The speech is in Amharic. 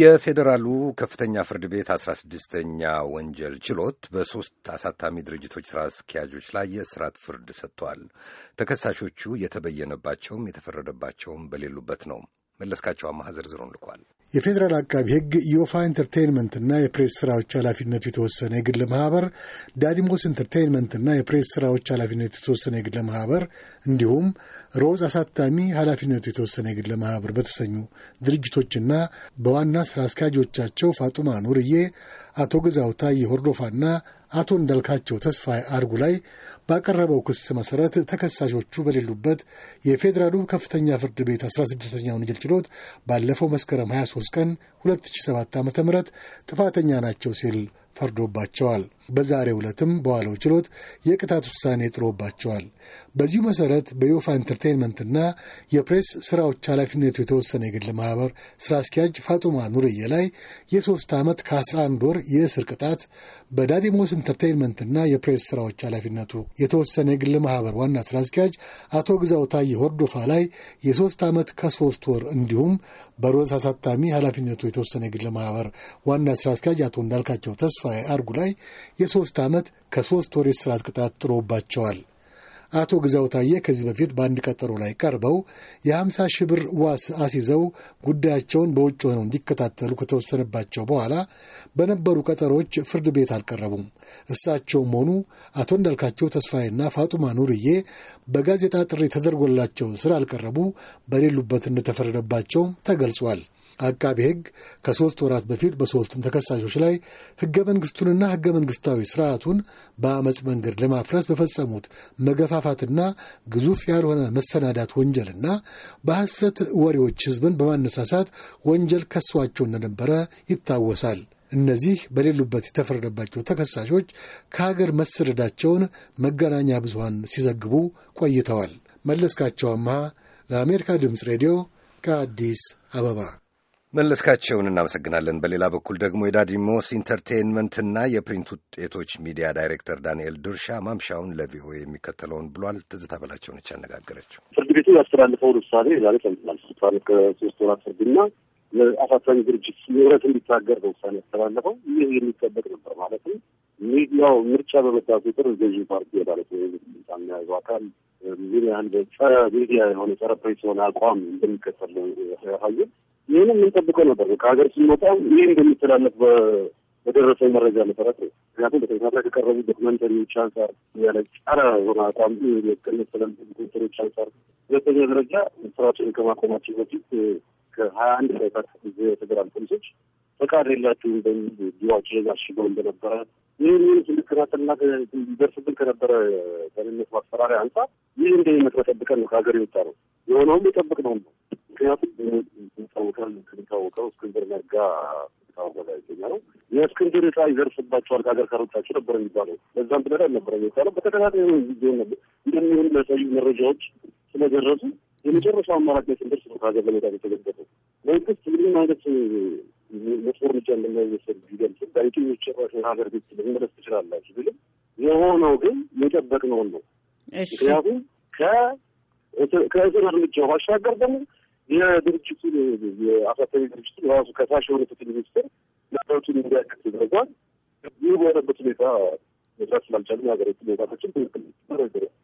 የፌዴራሉ ከፍተኛ ፍርድ ቤት 16ኛ ወንጀል ችሎት በሦስት አሳታሚ ድርጅቶች ሥራ አስኪያጆች ላይ የእስራት ፍርድ ሰጥቷል። ተከሳሾቹ የተበየነባቸውም የተፈረደባቸውም በሌሉበት ነው። መለስካቸው አማሃ ዝርዝሩን ልኳል። የፌዴራል አቃቢ ሕግ ዮፋ ኢንተርቴንመንትና የፕሬስ ስራዎች ኃላፊነቱ የተወሰነ የግል ማህበር፣ ዳዲሞስ ኢንተርቴንመንትና የፕሬስ ስራዎች ኃላፊነቱ የተወሰነ የግል ማህበር እንዲሁም ሮዝ አሳታሚ ኃላፊነቱ የተወሰነ የግል ማህበር በተሰኙ ድርጅቶችና በዋና ስራ አስኪያጆቻቸው ፋጡማ ኑርዬ፣ አቶ ግዛው ታዬ ሆርዶፋና አቶ እንዳልካቸው ተስፋ አርጉ ላይ ባቀረበው ክስ መሰረት ተከሳሾቹ በሌሉበት የፌዴራሉ ከፍተኛ ፍርድ ቤት 16ኛውን ወንጀል ችሎት ባለፈው መስከረም 23 3 ቀን 2007 ዓ ም ጥፋተኛ ናቸው ሲል ፈርዶባቸዋል በዛሬው ዕለትም በዋለው ችሎት የቅጣት ውሳኔ ጥሎባቸዋል። በዚሁ መሠረት በዮፋ ኢንተርቴንመንትና የፕሬስ ሥራዎች ኃላፊነቱ የተወሰነ የግል ማኅበር ሥራ አስኪያጅ ፋጡማ ኑርዬ ላይ የሦስት ዓመት ከ11 ወር የእስር ቅጣት፣ በዳዲሞስ ኢንተርቴንመንትና የፕሬስ ሥራዎች ኃላፊነቱ የተወሰነ የግል ማኅበር ዋና ሥራ አስኪያጅ አቶ ግዛው ታዬ ወርዶፋ ላይ የሦስት ዓመት ከሦስት ወር እንዲሁም በሮዝ አሳታሚ ኃላፊነቱ የተወሰነ የግል ማኅበር ዋና ሥራ አስኪያጅ አቶ እንዳልካቸው ተስፋዬ አርጉ ላይ የሦስት ዓመት ከሦስት ወር እስራት ቅጣት ጥሎባቸዋል። አቶ ግዛው ታዬ ከዚህ በፊት በአንድ ቀጠሮ ላይ ቀርበው የ50 ሺህ ብር ዋስ አስይዘው ጉዳያቸውን በውጭ ሆነው እንዲከታተሉ ከተወሰነባቸው በኋላ በነበሩ ቀጠሮዎች ፍርድ ቤት አልቀረቡም። እሳቸውም ሆኑ አቶ እንዳልካቸው ተስፋዬና ፋጡማ ኑርዬ በጋዜጣ ጥሪ ተደርጎላቸው ስላልቀረቡ በሌሉበት እንደተፈረደባቸውም ተገልጿል። አቃቤ ሕግ ከሶስት ወራት በፊት በሶስቱም ተከሳሾች ላይ ሕገ መንግሥቱንና ሕገ መንግሥታዊ ስርዓቱን በአመፅ መንገድ ለማፍረስ በፈጸሙት መገፋፋትና ግዙፍ ያልሆነ መሰናዳት ወንጀልና በሐሰት ወሬዎች ሕዝብን በማነሳሳት ወንጀል ከሷቸው እንደነበረ ይታወሳል። እነዚህ በሌሉበት የተፈረደባቸው ተከሳሾች ከሀገር መሰደዳቸውን መገናኛ ብዙሃን ሲዘግቡ ቆይተዋል። መለስካቸው አምሃ ለአሜሪካ ድምፅ ሬዲዮ ከአዲስ አበባ መለስካቸውን እናመሰግናለን። በሌላ በኩል ደግሞ የዳዲሞስ ኢንተርቴንመንትና የፕሪንት ውጤቶች ሚዲያ ዳይሬክተር ዳንኤል ድርሻ ማምሻውን ለቪኦኤ የሚከተለውን ብሏል። ትዝታ በላቸውነች ያነጋገረችው ፍርድ ቤቱ ያስተላለፈውን ውሳኔ ዛሬ ሰምተናል። ውሳኔ ከሶስት ወራት ፍርድና አሳታኝ ድርጅት ንብረት እንዲታገር በውሳኔ ያስተላለፈው ይህ የሚጠበቅ ነበር። ማለትም ሚዲያው ምርጫ በመጣ ቁጥር ገዢ ፓርቲ ማለት ሳናያዙ አካል ምን ያህል ጸረ ሚዲያ የሆነ ጸረ ፕሬስ የሆነ አቋም እንደሚከተል ያሳየን ይህን የምንጠብቀው ነበር። ከሀገር ሲመጣ ይህ እንደሚተላለፍ በደረሰው መረጃ መሰረት ነው። ምክንያቱም በተመሳሳይ ከቀረቡ ዶክመንተሪዎች አንጻር ያለ ጫራ ሆነ አቋም ከመሰለን ዶክመንተሪዎች አንጻር ሁለተኛ ደረጃ ስራችን ከማቆማችን በፊት ከሀያ አንድ ጊዜ የፌዴራል ፖሊሶች ፈቃድ የላችሁም በሚል ዲዋቸው አሽገው እንደነበረ ይህን ይህን ስንከታተልና ይደርስብን ከነበረ ደህንነት ማስፈራሪያ አንጻር ይህ እንደሚመት ጠብቀን ነው ከሀገር የወጣ ነው የሆነውም የጠብቅ ነው ነው ምክንያቱም የሚታወቃል ከሚታወቀው እስክንድር ነጋ ከሚታወቀ ጋዜጠኛ ነው። የእስክንድር ዕጣ ይደርስባቸዋል ከሀገር ካሮቻቸው ነበር የሚባለው በዛም ብለህ አልነበረ የሚባለው በተከታታይ ጊዜ እንደሚሆን ለጸዩ መረጃዎች ስለደረሱ የመጨረሻው አማራጭ ስንደርስ ነው ከሀገር ለመውጣት የተገደፈው። መንግስት ምንም አይነት መጥፎ እርምጃ እንደማይወሰድ ቢገልጽም ጋዜጠኞች ጭራሽ ሀገር ቤት ልመለስ ትችላላችሁ ቢልም የሆነው ግን የጠበቅነውን ነው። ምክንያቱም ከእስር እርምጃው ባሻገር ደግሞ የድርጅቱ የአሳታሚ ድርጅቱ ራሱ ከሳሽ የሆነ ፍትህ ሚኒስትር ነገሮችን እንዲያክል ተደርጓል። ይህ በሆነበት ሁኔታ መስራት ስላልቻለ የሀገሪቱ ሁኔታችን ትክክል ተረግረል